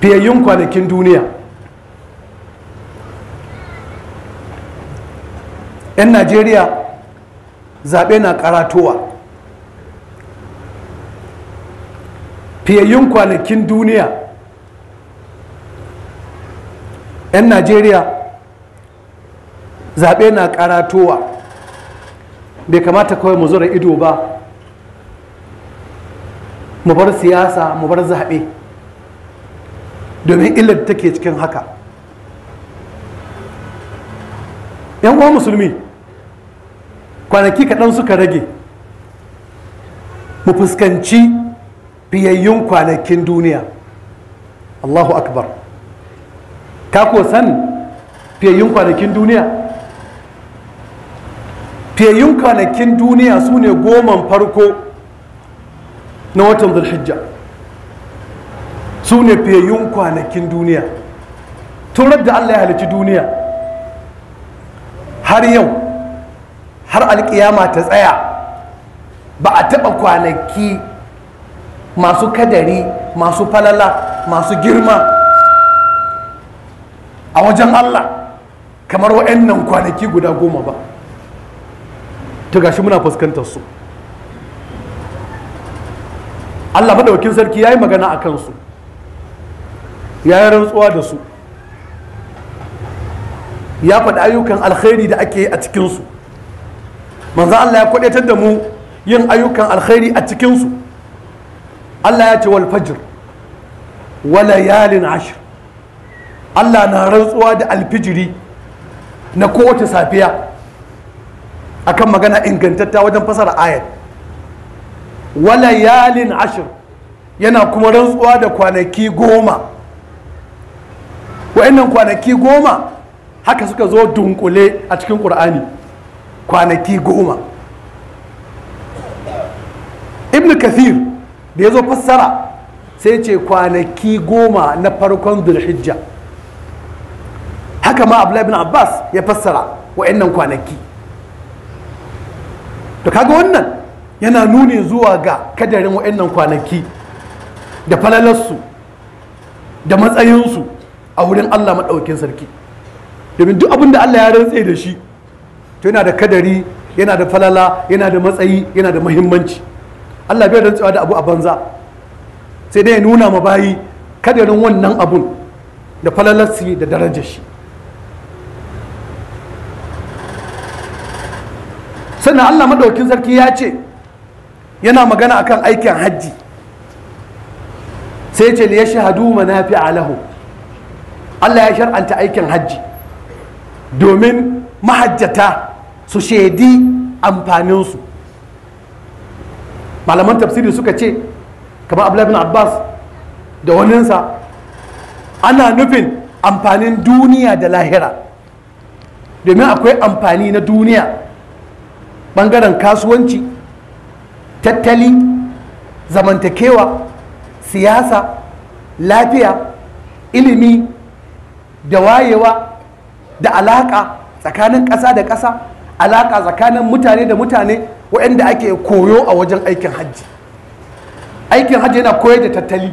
fiyayyun kwanakin duniya 'yan najeriya zaɓe na karatowa fiyayyun kwanakin duniya 'yan najeriya zaɓe na karatowa bai kamata kawai mu zura ido ba mu bar siyasa mu bar zaɓe domin illar take cikin haka yan uwa musulmi kwanaki kaɗan suka rage mu fuskanci fiyayyun kwanakin duniya allahu akbar ka san fiyayyun kwanakin duniya fiyayyun kwanakin duniya su ne goman farko na watan zulhijja su ne fiyayyun kwanakin duniya tun da allah ya halici duniya har yau har alkiyama ta tsaya ba a taɓa kwanaki masu kadari masu falala masu girma a wajen allah kamar waɗannan kwanaki guda goma ba ta gashi muna fuskantar su allah madawakin sarki ya yi magana a kansu ya yi rantsuwa da su ya faɗi ayyukan alkhairi da ake a cikinsu manzo Allah ya kwadatar da mu yin ayyukan alkhairi a cikinsu Allah ya ce wal fajr wa layalin ashir Allah na rantsuwa da alfijiri na kowace safiya akan magana ingantatta wajen fasara ayat wa layalin ashir yana kuma rantsuwa da kwanaki goma wa'annan kwanaki goma haka suka zo dunkule a cikin ƙur'ani kwanaki goma ibn kathir da ya zo fassara sai ce kwanaki goma na farkon dulhijja haka ma abdullahi ibn abbas ya fassara wa'annan kwanaki to kaga wannan yana nuni zuwa ga kadarin wa'annan kwanaki da falalarsu da matsayinsu a wurin Allah maɗaukin sarki domin duk abin da Allah ya rantse da shi to yana da kadari yana da falala yana da matsayi yana da muhimmanci Allah bai rantsewa da abu a banza sai dai ya nuna ma bayi kadarin wannan abun da su da darajar shi sannan Allah maɗaukin sarki ya ce yana magana akan aikin hajji sai ce liya shahadu manafi alahu. Allah ya shar'anta aikin hajji domin mahajjata su shaidi amfaninsu malaman tafsiri suka ce kamar abdullahi abbas da waninsa ana nufin amfanin duniya da lahira domin akwai amfani na duniya ɓangaren kasuwanci tattali zamantakewa siyasa lafiya ilimi da wayewa da alaƙa tsakanin ƙasa da ƙasa alaƙa tsakanin mutane da mutane waɗanda ake koyo a wajen aikin hajji aikin hajji yana koyar da tattali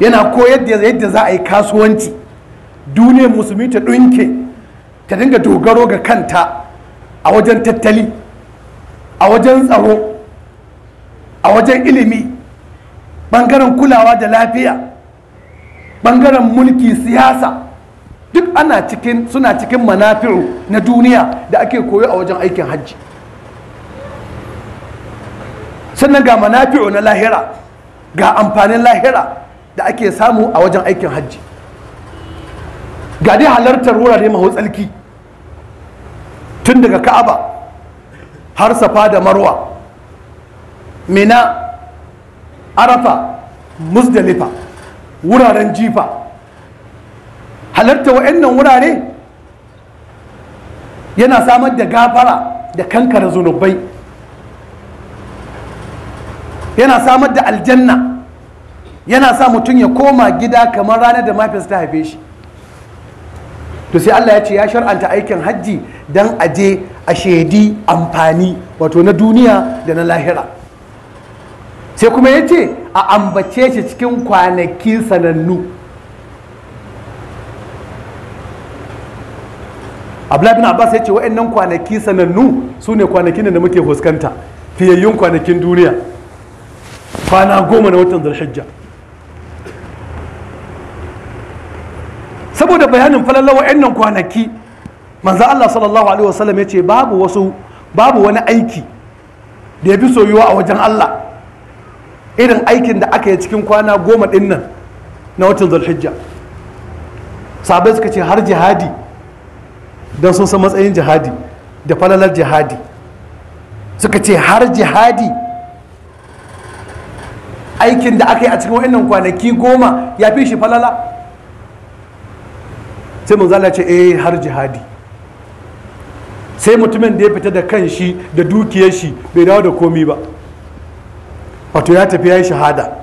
yana koyar da yadda za a yi kasuwanci duniyar musulmi ta ɗunke ta dinga dogaro ga kanta a wajen tattali a wajen tsaro a wajen ilimi ɓangaren kulawa da lafiya bangaren mulki siyasa duk ana cikin suna cikin manafi'u na duniya da ake koyo a wajen aikin hajji sannan ga manafi'u na lahira ga amfanin lahira da ake samu a wajen aikin hajji ga dai halartar wurare mahu tsalki tun daga ka'aba har safa da marwa mina arafa musdalifa wuraren jifa halarta wa'annan wurare yana samar da gafara da kankara zunubai yana samar da aljanna yana sa mutum ya koma gida kamar ranar da mafis ta haife shi to sai Allah ya ce ya shar'anta aikin hajji don aje a shaidi amfani wato na duniya da na lahira sai kuma ya ce a ambace shi cikin kwanaki sanannu abdullahi bin abbas ya ce wa'annan kwanaki sanannu su ne kwanakin da muke fuskanta fiyayyun kwanakin duniya kwana goma na watan zarshajja saboda bayanin falalla wa'annan kwanaki manzo Allah sallallahu alaihi wasallam ya ce babu wasu babu wani aiki da ya fi soyuwa a wajen Allah irin aikin da aka yi cikin kwana goma ɗin nan na watan zulhijja sabai suka ce har jihadi don sun san matsayin jihadi da falalar jihadi suka ce har jihadi aikin da aka yi a cikin wa'annan kwanaki goma ya fi shi falala sai mun zala ce eh har jihadi sai mutumin da ya fita da kan shi da dukiyar shi bai dawo da komi ba Fato ya tafi ya yi shahada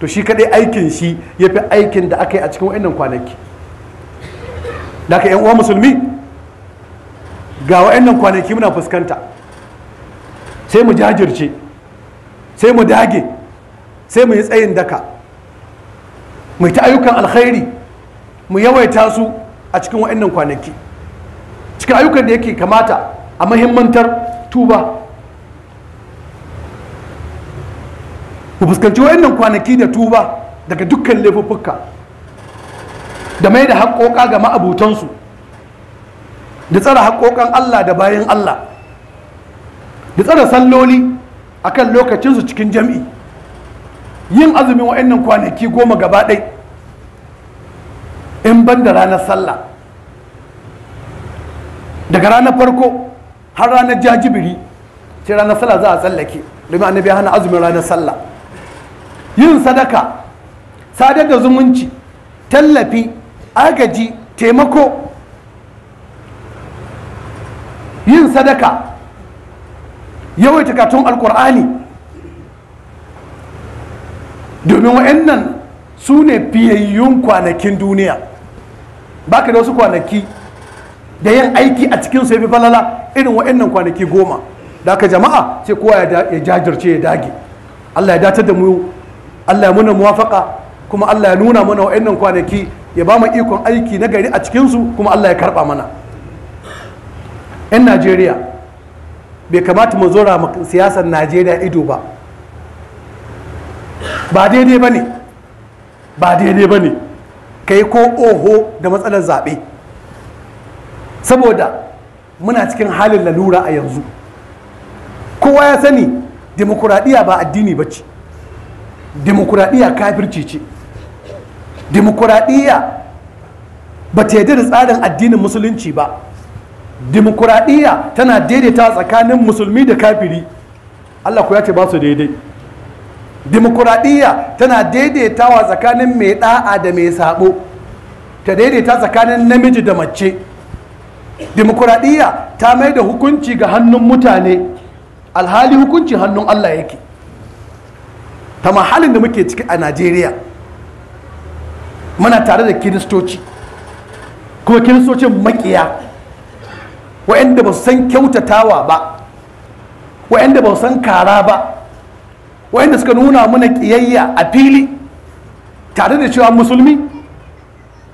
to shi kaɗai aikin shi ya fi aikin da aka yi a cikin wa'annan kwanaki da ka uwa musulmi ga wa'annan kwanaki muna fuskanta sai mu jajirce sai mu dage sai mu yi tsayin daka mu ta ayyukan alkhairi mu yawaita su a cikin wa'annan kwanaki cikin ayyukan da yake kamata a mahimmantar tuba ku fuskanci wayannan kwanaki da tuba daga dukkan laifuffuka da mai da haƙoƙa ga ma'abutansu da tsara haƙoƙan Allah da bayan Allah da tsara salloli a kan lokacinsu cikin jam'i yin azumin wayannan kwanaki goma gaba ɗai in ban da ranar sallah daga ranar farko har ranar jajibiri sai ranar sallah za a tsallake domin annabi ya hana azumin ranar sallah yin sadaka sadar da zumunci tallafi agaji taimako yin sadaka yawaita katon alkur'ani domin wa'annan su ne fiyayyun kwanakin duniya Ba ka da wasu kwanaki da yin aiki a cikin su fi falala irin wa'annan kwanaki goma da aka jama'a sai kowa ya jajirce ya dage allah ya datar da mu Allah ya muna muwafaka kuma Allah ya nuna mana wa'annan kwanaki ya ba mu ikon aiki na gari a cikinsu kuma Allah ya karɓa mana 'yan Najeriya bai kamata mu zora siyasar Najeriya ido ba ba daidai ba ne ba daidai ba kai ko oho da matsalar zaɓe saboda muna cikin halin lalura a yanzu kowa ya sani demokuraɗiyya ba addini ba ce demokuraɗiyya kafirci ce demokuraɗiyya ba ta yadda da tsarin addinin musulunci ba demokuraɗiyya tana daidaita tsakanin musulmi da kafiri allah ku ya ce ba su daidai demokuraɗiyya tana daidaitawa tsakanin mai ɗa'a da mai sabo ta daidaita tsakanin namiji da mace demokuraɗiyya ta mai da hukunci ga hannun mutane alhali hukunci hannun allah yake ta halin da muke ciki a najeriya muna tare da kiristoci kuma kiristocin makiya wa'anda ba su san kyautatawa ba wa'anda ba su san kara ba wa'anda suka nuna mana kiyayya a fili tare da cewa musulmi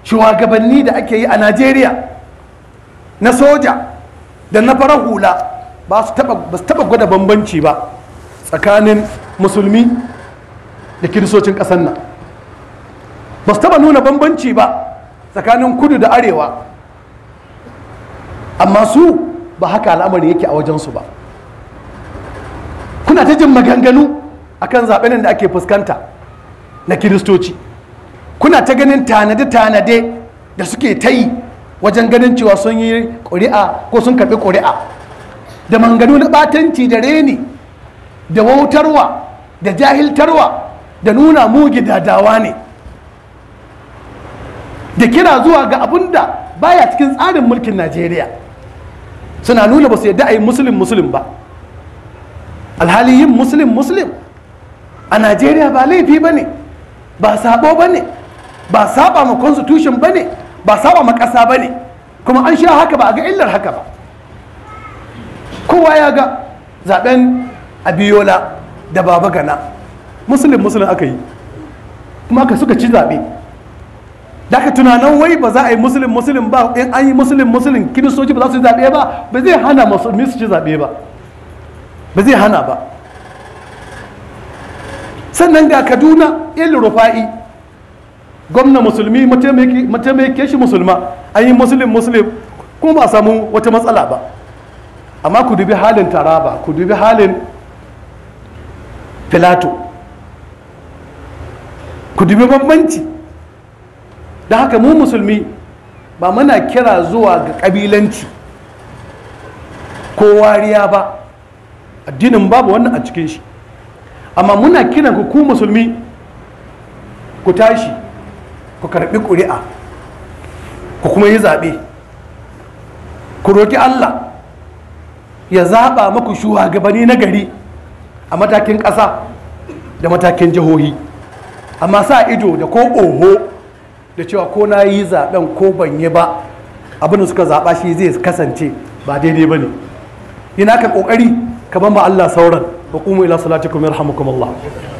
shugabanni da ake yi a najeriya na soja da na farar hula ba su taba gwada bambanci ba tsakanin musulmi da kiristocin ƙasar nan ba su taɓa nuna bambanci ba tsakanin kudu da arewa amma su ba haka al'amari yake a wajensu ba kuna ta jin maganganu kan zaɓen da ake fuskanta na kiristoci kuna ta ganin tanade-tanade da suke ta yi wajen ganin cewa sun yi ƙuri'a ko sun karɓi ƙuri'a da manganu na ɓatanci da reni da wautarwa da jahiltarwa da nuna mugi da dawa ne da kira zuwa ga abun da baya cikin tsarin mulkin najeriya suna nuna ba su yadda a yi musulun musulun ba alhali yin musulun musulun a najeriya ba laifi ba ne ba sabo ba ne ba saba ma constitution ba ne ba saba ma ƙasa ba ne kuma an sha haka ba a ga illar haka ba kowa ya ga zaben abiyola da baba gana musulun musulun aka yi kuma aka suka ci zaɓe da aka tunanan wai ba za a yi musulun musulun ba in an yi musulun musulun kiristoci ba za su yi zaɓe ba ba zai hana musulmi su ci zaɓe ba ba zai hana ba sannan ga kaduna il rufa'i gwamna musulmi mataimake shi musulma an yi musulun musulun kuma ba a samu wata matsala ba amma ku dubi halin taraba ku dubi halin filato ku dubi bambanci da haka mu musulmi ba muna kira zuwa ga ƙabilanci ko wariya ba addinin babu wannan a cikin shi amma muna kira ku ku musulmi ku tashi ku karbi ƙuri'a ku kuma yi zaɓe ku roƙi allah ya zaɓa maku gabani na gari a matakin ƙasa da matakin jihohi amma sa ido da ko oho da cewa ko na yi zaɓen ko ban yi ba abin da suka zaɓa shi zai kasance ba daidai ba ne Ina ka ƙoƙari ka ba ma Allah sauran ba kuma ila salatikum yarhamukum Allah